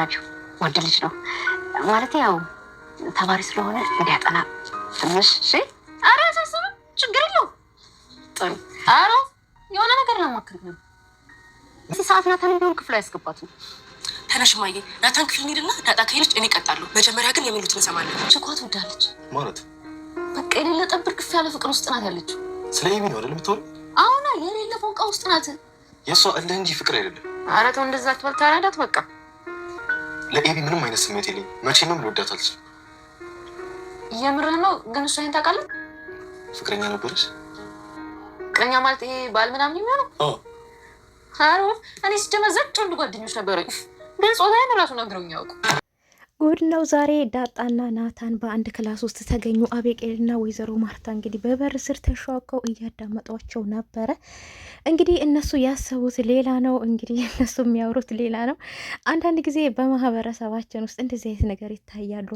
ናቸው። ወንድ ልጅ ነው ማለት ያው ተማሪ ስለሆነ እንግዲህ ያጠና ትንሽ እሺ። አረ አያሳስብም፣ ችግር የለውም። ጥሩ። ኧረ የሆነ ነገር ለማክርት ነው። እዚህ ሰዓት ናታን ቢሆን ክፍሉ አያስገባትም። ተነሽ ማዬ፣ ናታን ክፍል እንሂድና ዳጣ ከሄደች እኔ እቀጣለሁ። መጀመሪያ ግን የሚሉት እሰማለሁ። ችኳት ወዳለች ማለት በቃ የሌለ ጠብር ክፍ ያለ ፍቅር ውስጥ ናት ያለችው። ስለ ኤቢ ነው አይደል የምትሆን? አሁና የሌለ ፎንቃ ውስጥ ናት። የእሷ እልህ እንጂ ፍቅር አይደለም። ኧረ ተው እንደዛ ትበልታ ተረዳት በቃ ለኤቢ ምንም አይነት ስሜት የለኝ። መቼምም ልወዳት አልችልም። የምርህ ነው? ግን እሱ ይህን ታውቃለህ? ፍቅረኛ ነበረች። ፍቅረኛ ማለት ይሄ ባል ምናምን የሚሆነው አሮ እኔ ስጀመር ዘጭ ወንድ ጓደኞች ነበረኝ፣ ግን ጾታዬን ራሱ ነግረውኝ ያውቁ ጉድ ነው ዛሬ። ዳጣና ናታን በአንድ ክላስ ውስጥ ተገኙ። አቤቄልና ወይዘሮ ማርታ እንግዲህ በበር ስር ተሸዋቀው እያዳመጧቸው ነበረ። እንግዲህ እነሱ ያሰቡት ሌላ ነው፣ እንግዲህ እነሱ የሚያወሩት ሌላ ነው። አንዳንድ ጊዜ በማህበረሰባችን ውስጥ እንደዚህ አይነት ነገር ይታያሉ።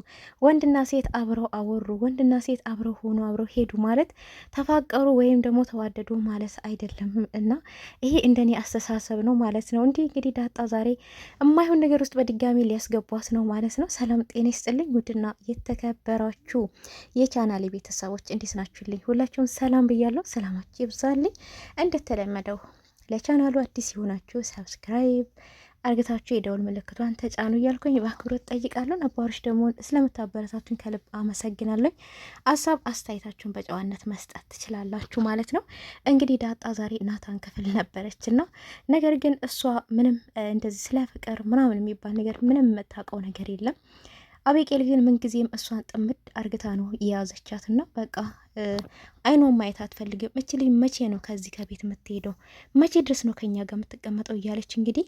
ወንድና ሴት አብረው አወሩ፣ ወንድና ሴት አብረው ሆኑ፣ አብረው ሄዱ ማለት ተፋቀሩ ወይም ደግሞ ተዋደዱ ማለት አይደለም እና ይሄ እንደኔ አስተሳሰብ ነው ማለት ነው። እንዲህ እንግዲህ ዳጣ ዛሬ የማይሆን ነገር ውስጥ በድጋሚ ሊያስገቧት ነው ማለት ነው። ሰላም ጤና ይስጥልኝ። ውድና የተከበራችሁ የቻናሌ ቤተሰቦች እንዴት ናችሁልኝ? ሁላችሁም ሰላም ብያለሁ። ሰላማችሁ ይብዛልኝ። እንደተለመደው ለቻናሉ አዲስ የሆናችሁ ሰብስክራይብ አርግታችሁ የደውል ምልክቷን ተጫኑ እያልኩኝ በአክብሮት ጠይቃለሁ። ነባሮች ደግሞ ስለምታበረታቱኝ ከልብ አመሰግናለኝ። አሳብ አስተያየታችሁን በጨዋነት መስጠት ትችላላችሁ ማለት ነው። እንግዲህ ዳጣ ዛሬ ናታን ክፍል ነበረችና ነገር ግን እሷ ምንም እንደዚህ ስለ ፍቅር ምናምን የሚባል ነገር ምንም የምታውቀው ነገር የለም። አቤቄል ግን ምንጊዜም እሷን ጥምድ አርግታ ነው የያዘቻት እና በቃ አይኗን ማየት አትፈልግም። እች ልጅ መቼ ነው ከዚህ ከቤት የምትሄደው? መቼ ድረስ ነው ከኛ ጋር የምትቀመጠው? እያለች እንግዲህ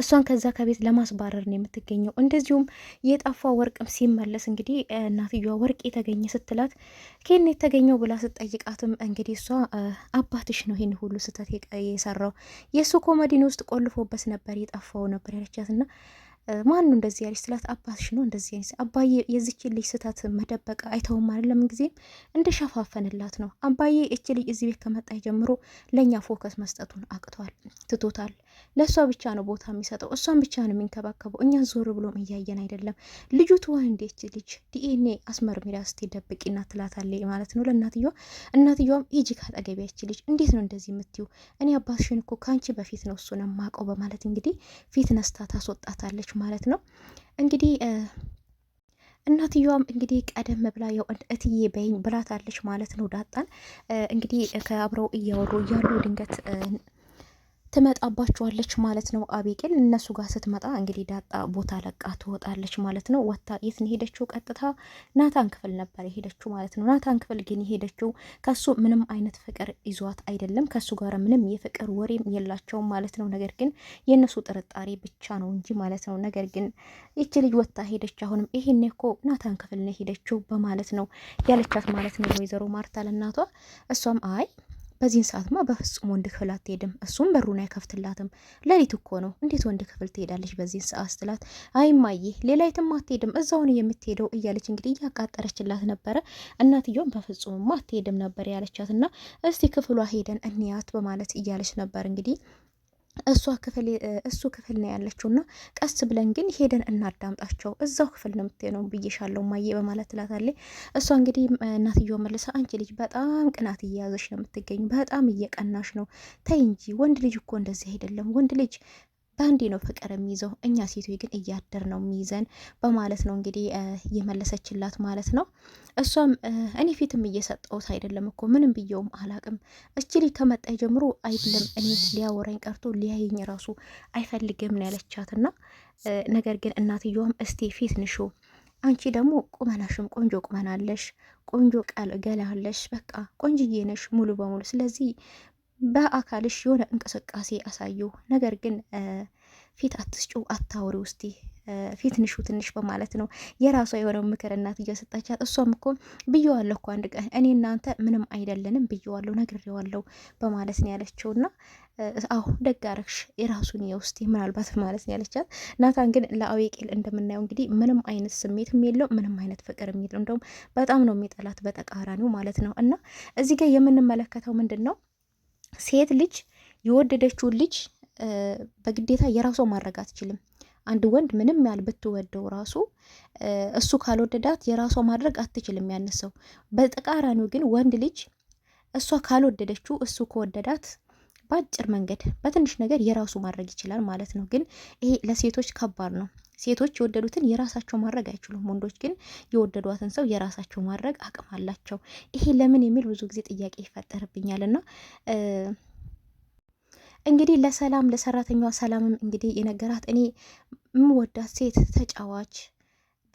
እሷን ከዛ ከቤት ለማስባረር ነው የምትገኘው። እንደዚሁም የጠፋ ወርቅም ሲመለስ እንግዲህ እናትየዋ ወርቅ የተገኘ ስትላት ኬን የተገኘው ብላ ስትጠይቃትም እንግዲህ እሷ አባትሽ ነው ይህን ሁሉ ስህተት የሰራው የእሱ ኮመዲን ውስጥ ቆልፎበት ነበር የጠፋው ነበር ያለቻት እና ማን ነው እንደዚህ ያለች ስላት አባትሽ ነው እንደዚህ ያለች አባዬ የዚች ልጅ ስህተት መደበቅ አይተውም አይደለም ጊዜም እንደሸፋፈንላት ነው አባዬ እች ልጅ እዚህ ቤት ከመጣ ጀምሮ ለእኛ ፎከስ መስጠቱን አቅቷል ትቶታል ለእሷ ብቻ ነው ቦታ የሚሰጠው፣ እሷን ብቻ ነው የሚንከባከበው። እኛ ዞር ብሎም እያየን አይደለም። ልጁ ትሆን እንዴች ልጅ ዲኤንኤ ስቴ ስቲ ደብቂና ትላታለች ማለት ነው ለእናትየዋ። እናትየዋም ሂጂ ካጠገቢያች ልጅ እንዴት ነው እንደዚህ የምትዩ? እኔ አባትሽን እኮ ከአንቺ በፊት ነው እሱን የማውቀው በማለት እንግዲህ ፊት ነስታ ታስወጣታለች ማለት ነው እንግዲህ እናትየዋም እንግዲህ ቀደም ብላ ያው እትዬ በይኝ ብላታለች ማለት ነው። ዳጣን እንግዲህ ከአብረው እያወሩ እያሉ ድንገት ትመጣባቸዋለች ማለት ነው። አቤቄል እነሱ ጋር ስትመጣ እንግዲህ ዳጣ ቦታ ለቃ ትወጣለች ማለት ነው። ወታ የት ነው ሄደችው? ቀጥታ ናታን ክፍል ነበር የሄደችው ማለት ነው። ናታን ክፍል ግን የሄደችው ከሱ ምንም አይነት ፍቅር ይዟት አይደለም። ከሱ ጋር ምንም የፍቅር ወሬም የላቸውም ማለት ነው። ነገር ግን የእነሱ ጥርጣሬ ብቻ ነው እንጂ ማለት ነው። ነገር ግን ይቺ ልጅ ወታ ሄደች። አሁንም ይሄኔ እኮ ናታን ክፍል ነው ሄደችው በማለት ነው ያለቻት ማለት ነው። ወይዘሮ ማርታ ለእናቷ እሷም አይ በዚህን ሰዓትማ በፍጹም ወንድ ክፍል አትሄድም፣ እሱም በሩን አይከፍትላትም። ሌሊት እኮ ነው፣ እንዴት ወንድ ክፍል ትሄዳለች በዚህን ሰዓት ስትላት፣ አይማዬ ሌላ የትም አትሄድም፣ እዛውን የምትሄደው እያለች እንግዲህ እያቃጠረችላት ነበረ። እናትየውም በፍጹምማ አትሄድም ነበር ያለቻት እና እስቲ ክፍሏ ሄደን እንያት በማለት እያለች ነበር እንግዲህ እሷ ክፍል እሱ ክፍል ነው ያለችው እና ቀስ ብለን ግን ሄደን እናዳምጣቸው እዛው ክፍል ነው ነው ብዬሻለሁ ማዬ በማለት ትላታለች። እሷ እንግዲህ እናትዮ መለሰ አንቺ ልጅ በጣም ቅናት እየያዘች ነው የምትገኙ፣ በጣም እየቀናሽ ነው፣ ተይ እንጂ ወንድ ልጅ እኮ እንደዚህ አይደለም። ወንድ ልጅ በአንዴ ነው ፍቅር የሚይዘው፣ እኛ ሴቶች ግን እያደር ነው የሚይዘን በማለት ነው እንግዲህ እየመለሰችላት ማለት ነው። እሷም እኔ ፊትም እየሰጠውት አይደለም እኮ ምንም ብየውም አላቅም። እች ልጅ ከመጣ ጀምሮ አይደለም እኔ ሊያወራኝ ቀርቶ ሊያየኝ ራሱ አይፈልግም ነው ያለቻትና ነገር ግን እናትየዋም እስቴ ፊት ንሹ አንቺ ደግሞ ቁመናሽም ቆንጆ ቁመናለሽ፣ ቆንጆ ቀል ገላለሽ፣ በቃ ቆንጅዬ ነሽ ሙሉ በሙሉ። ስለዚህ በአካልሽ የሆነ እንቅስቃሴ አሳዩ። ነገር ግን ፊት አትስጩ፣ አታወሪ ውስቲ ፊት ንሹ ትንሽ በማለት ነው የራሷ የሆነው ምክር እናት እየሰጣቻት። እሷም እኮ ብየዋለሁ እኮ አንድ ቀን እኔ እናንተ ምንም አይደለንም ብየዋለሁ፣ ነግሬዋለሁ በማለት ነው ያለችው። እና አሁ ደጋረክሽ የራሱን የውስቲ ምናልባት ማለት ነው ያለቻት። ናታን ግን ለአዌቄል እንደምናየው እንግዲህ ምንም አይነት ስሜትም የለው ምንም አይነት ፍቅር የለው እንደውም በጣም ነው የሚጠላት በተቃራኒው ማለት ነው። እና እዚህ ጋር የምንመለከተው ምንድን ነው ሴት ልጅ የወደደችውን ልጅ በግዴታ የራሷ ማድረግ አትችልም። አንድ ወንድ ምንም ያህል ብትወደው ራሱ እሱ ካልወደዳት የራሷ ማድረግ አትችልም ያነሰው ሰው። በተቃራኒው ግን ወንድ ልጅ እሷ ካልወደደችው እሱ ከወደዳት በአጭር መንገድ በትንሽ ነገር የራሱ ማድረግ ይችላል ማለት ነው። ግን ይሄ ለሴቶች ከባድ ነው። ሴቶች የወደዱትን የራሳቸው ማድረግ አይችሉም። ወንዶች ግን የወደዷትን ሰው የራሳቸው ማድረግ አቅም አላቸው። ይሄ ለምን የሚል ብዙ ጊዜ ጥያቄ ይፈጠርብኛል እና እንግዲህ ለሰላም ለሰራተኛዋ ሰላምም እንግዲህ የነገራት እኔ የምወዳት ሴት ተጫዋች፣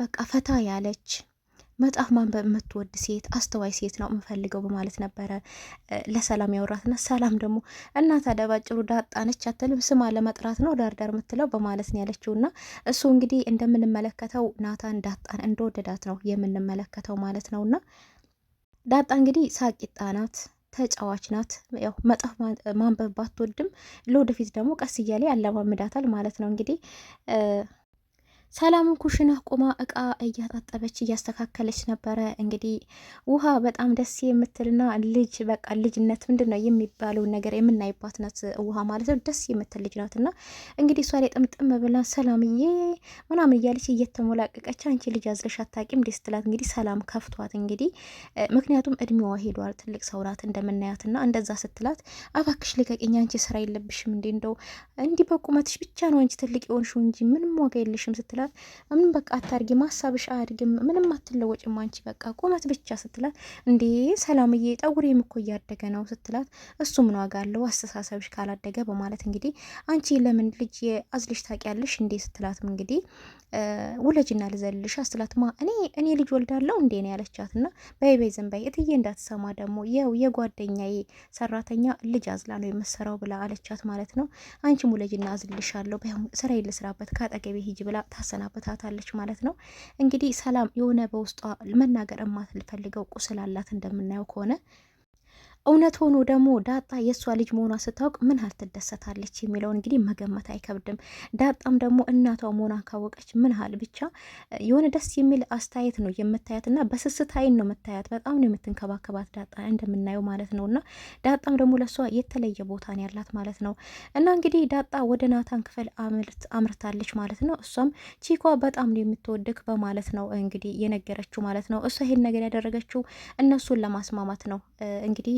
በቃ ፈታ ያለች መጽሐፍ ማንበብ የምትወድ ሴት አስተዋይ ሴት ነው የምፈልገው በማለት ነበረ ለሰላም ያወራትና ሰላም ደግሞ እናት አደባጭሩ ዳጣነች አትልም ስማ ለመጥራት ነው ዳርዳር የምትለው በማለት ነው ያለችው። እና እሱ እንግዲህ እንደምንመለከተው ናታን ዳጣን እንደወደዳት ነው የምንመለከተው ማለት ነው። እና ዳጣ እንግዲህ ሳቂጣ ናት ተጫዋች ናት። ያው መጽሐፍ ማንበብ ባትወድም ለወደፊት ደግሞ ቀስ እያለ ያለማምዳታል ማለት ነው እንግዲህ ሰላም ኩሽና ቁማ እቃ እያጣጠበች እያስተካከለች ነበረ። እንግዲህ ውሃ በጣም ደስ የምትልና ልጅ በቃ ልጅነት ምንድን ነው የሚባለውን ነገር የምናይባት ናት። ውሃ ማለት ነው ደስ የምትል ልጅ ናት። እና እንግዲህ እሷ ላይ ጥምጥም ብላ ሰላምዬ ምናምን እያለች እየተሞላቀቀች አንቺ ልጅ አዝለሽ አታቂም ደስ ትላት። እንግዲህ ሰላም ከፍቷት እንግዲህ ምክንያቱም እድሜዋ ሄዷል፣ ትልቅ ሰው ናት እንደምናያትና እንደዛ ስትላት አባክሽ ልቀቂኝ፣ አንቺ ስራ የለብሽም እንዴ እንደው እንዲህ በቁመትሽ ብቻ ነው አንቺ ትልቅ የሆንሽው እንጂ ምንም ዋጋ የለሽም ስትላት ስትላት ምን በቃ አታርጊ፣ ማሳብሽ አያድግም፣ ምንም አትለወጭም አንቺ በቃ ቁመት ብቻ ስትላት፣ እንዴ ሰላምዬ ጠጉሬም እኮ እያደገ ነው ስትላት፣ እሱ ምን ዋጋ አለው አስተሳሰብሽ ካላደገ በማለት እንግዲህ አንቺ ለምን ልጅ የአዝልሽ ታውቂያለሽ እንዴ ስትላትም እንግዲህ ውለጅና ልዘልሽ ማ እኔ እኔ ልጅ ወልዳለው እንዴ ነው ያለቻት። ና በይበይ ዝም በይ እትዬ እንዳትሰማ ደግሞ የው የጓደኛዬ ሰራተኛ ልጅ አዝላ ነው የምሰራው ብላ አለቻት ማለት ነው። አንቺም ውለጅና አዝልሻለሁ ስራ ይልስራበት ከአጠገቤ ሂጅ ብላ ታሰናብታታለች ማለት ነው። እንግዲህ ሰላም የሆነ በውስጧ መናገር የማትፈልገው ቁስል አላት እንደምናየው ከሆነ እውነት ሆኖ ደግሞ ዳጣ የእሷ ልጅ መሆኗ ስታውቅ ምን ያህል ትደሰታለች የሚለው እንግዲህ መገመት አይከብድም። ዳጣም ደግሞ እናቷ መሆኗ ካወቀች ምን ያህል ብቻ የሆነ ደስ የሚል አስተያየት ነው የምታያት እና በስስት አይን ነው የምታያት። በጣም ነው የምትንከባከባት ዳጣ እንደምናየው ማለት ነው። እና ዳጣም ደግሞ ለእሷ የተለየ ቦታ ነው ያላት ማለት ነው። እና እንግዲህ ዳጣ ወደ ናታን ክፍል አምርታለች ማለት ነው። እሷም ቺኳ በጣም ነው የምትወድክ በማለት ነው እንግዲህ የነገረችው ማለት ነው። እሷ ይሄን ነገር ያደረገችው እነሱን ለማስማማት ነው እንግዲህ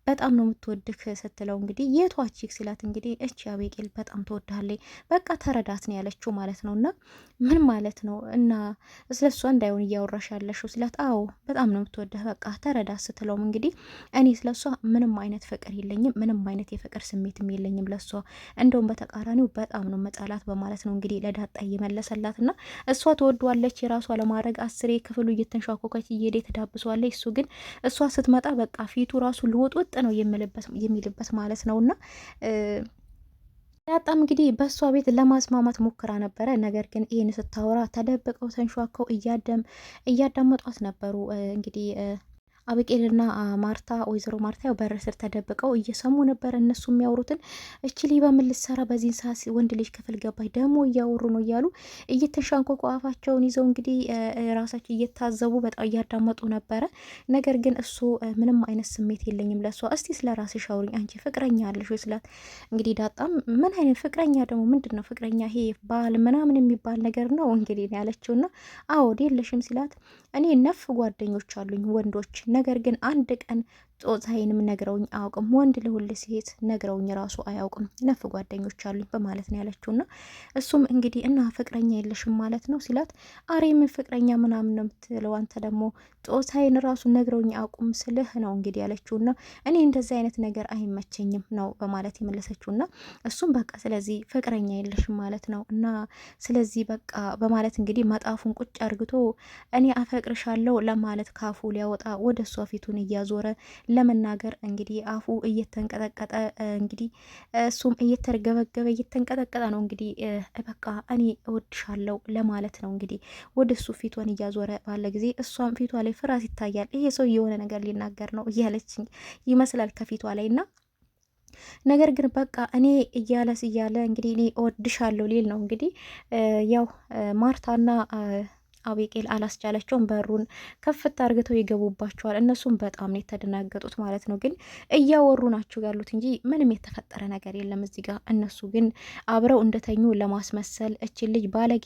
በጣም ነው የምትወድህ ስትለው እንግዲህ የቷቺክ ሲላት እንግዲህ እች አቤቄል በጣም ትወዳለች፣ በቃ ተረዳት ነው ያለችው ማለት ነው። እና ምን ማለት ነው እና ስለሷ እንዳይሆን እያወራሽ ያለሽው ሲላት፣ አዎ በጣም ነው የምትወድህ በቃ ተረዳት ስትለውም እንግዲህ እኔ ስለሷ ምንም አይነት ፍቅር የለኝም፣ ምንም አይነት የፍቅር ስሜትም የለኝም ለሷ እንደውም በተቃራኒው በጣም ነው መጣላት በማለት ነው እንግዲህ ለዳጣ እየመለሰላት እና እሷ ተወዷለች የራሷ ለማድረግ አስሬ ክፍሉ እየተንሸኮከች እየሄደ ተዳብሷለች። እሱ ግን እሷ ስትመጣ በቃ ፊቱ ራሱ ልውጥ ነው የሚልበት ማለት ነው እና ዳጣም እንግዲህ በእሷ ቤት ለማስማማት ሞክራ ነበረ። ነገር ግን ይህን ስታወራ ተደብቀው ተንሸዋከው እያዳመጧት ነበሩ እንግዲህ አብቄልና ማርታ ወይዘሮ ማርታ ያው በር ስር ተደብቀው እየሰሙ ነበር እነሱ የሚያወሩትን። እች ሌባ ምን ልትሰራ በዚህን ሰዓት ወንድ ልጅ ክፍል ገባች ደግሞ እያወሩ ነው እያሉ እየተንሻንኮቁ አፋቸውን ይዘው እንግዲህ ራሳቸው እየታዘቡ በጣም እያዳመጡ ነበረ። ነገር ግን እሱ ምንም አይነት ስሜት የለኝም ለእሷ እስቲ ስለ ራስሽ አውሪኝ አንቺ ፍቅረኛ አለሽ ወይ ስላት እንግዲህ ዳጣም ምን አይነት ፍቅረኛ ደግሞ ምንድን ነው ፍቅረኛ ይሄ ባል ምናምን የሚባል ነገር ነው እንግዲህ ያለችውና አዎ የለሽም ሲላት እኔ ነፍ ጓደኞች አሉኝ ወንዶች ነገር ግን አንድ ቀን ጾታዬንም ነግረውኝ አያውቅም። ወንድ ለሁል ሴት ነግረውኝ ራሱ አያውቅም። ነፍ ጓደኞች አሉኝ በማለት ነው ያለችውና እሱም እንግዲህ እና ፍቅረኛ የለሽም ማለት ነው ሲላት፣ አሬ የምን ፍቅረኛ ምናምን ነው የምትለው አንተ ደግሞ ጾታዬን ራሱ ነግረውኝ አያውቁም ስልህ ነው እንግዲህ ያለችውና እኔ እንደዚህ አይነት ነገር አይመቸኝም ነው በማለት የመለሰችውና እሱም በቃ ስለዚህ ፍቅረኛ የለሽም ማለት ነው እና ስለዚህ በቃ በማለት እንግዲህ መጣፉን ቁጭ አርግቶ እኔ አፈቅርሻለሁ ለማለት ካፉ ሊያወጣ ወደ እሷ ፊቱን እያዞረ ለመናገር እንግዲህ አፉ እየተንቀጠቀጠ እንግዲህ እሱም እየተርገበገበ እየተንቀጠቀጠ ነው እንግዲህ በቃ እኔ እወድሻለሁ ለማለት ነው እንግዲህ ወደ እሱ ፊቷን እያዞረ ባለ ጊዜ እሷም ፊቷ ላይ ፍርሃት ይታያል። ይሄ ሰው የሆነ ነገር ሊናገር ነው እያለች ይመስላል ከፊቷ ላይ እና ነገር ግን በቃ እኔ እያለስ እያለ እንግዲህ እኔ እወድሻለሁ ሊል ነው እንግዲህ ያው ማርታና አቤቄል አላስቻለቸውም። በሩን ከፍታ አርግተው ይገቡባቸዋል። እነሱም በጣም ነው የተደናገጡት ማለት ነው። ግን እያወሩ ናቸው ያሉት እንጂ ምንም የተፈጠረ ነገር የለም እዚህ ጋር። እነሱ ግን አብረው እንደተኙ ለማስመሰል እችን ልጅ ባለጌ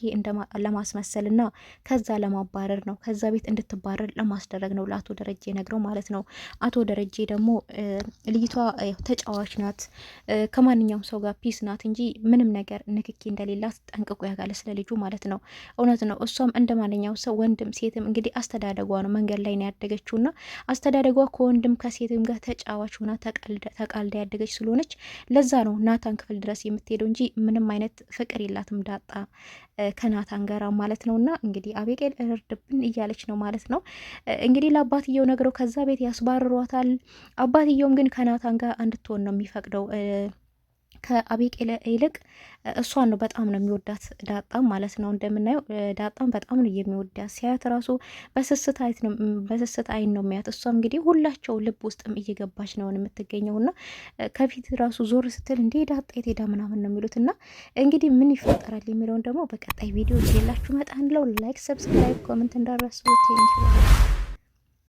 ለማስመሰል እና ከዛ ለማባረር ነው፣ ከዛ ቤት እንድትባረር ለማስደረግ ነው ለአቶ ደረጀ ነግረው ማለት ነው። አቶ ደረጀ ደግሞ ልይቷ ተጫዋች ናት፣ ከማንኛውም ሰው ጋር ፒስ ናት እንጂ ምንም ነገር ንክኪ እንደሌላት ጠንቅቆ ያጋለ ስለ ልጁ ማለት ነው። እውነት ነው እሷም እንደ ማንኛው ሰው ወንድም ሴትም እንግዲህ አስተዳደጓ ነው። መንገድ ላይ ነው ያደገችው እና አስተዳደጓ ከወንድም ከሴትም ጋር ተጫዋች ሆና ተቃልዳ ያደገች ስለሆነች ለዛ ነው ናታን ክፍል ድረስ የምትሄደው እንጂ ምንም አይነት ፍቅር የላትም ዳጣ ከናታን ጋራ ማለት ነው። እና እንግዲህ አቤቄል እርድብን እያለች ነው ማለት ነው። እንግዲህ ለአባትየው ነግረው ከዛ ቤት ያስባርሯታል። አባትየውም ግን ከናታን ጋር እንድትሆን ነው የሚፈቅደው። ከአቤቄላ ይልቅ እሷን ነው በጣም ነው የሚወዳት ዳጣም ማለት ነው። እንደምናየው ዳጣም በጣም ነው የሚወዳት። ሲያያት ራሱ በስስት አይን ነው የሚያት። እሷ እንግዲህ ሁላቸው ልብ ውስጥም እየገባች ነው የምትገኘው እና ከፊት ራሱ ዞር ስትል እንዴ ዳጣ የት ሄዳ ምናምን ነው የሚሉት እና እንግዲህ ምን ይፈጠራል የሚለውን ደግሞ በቀጣይ ቪዲዮ ሌላችሁ መጣን ለው ላይክ፣ ሰብስክራይብ፣ ኮመንት እንዳረሱ ቴንኪ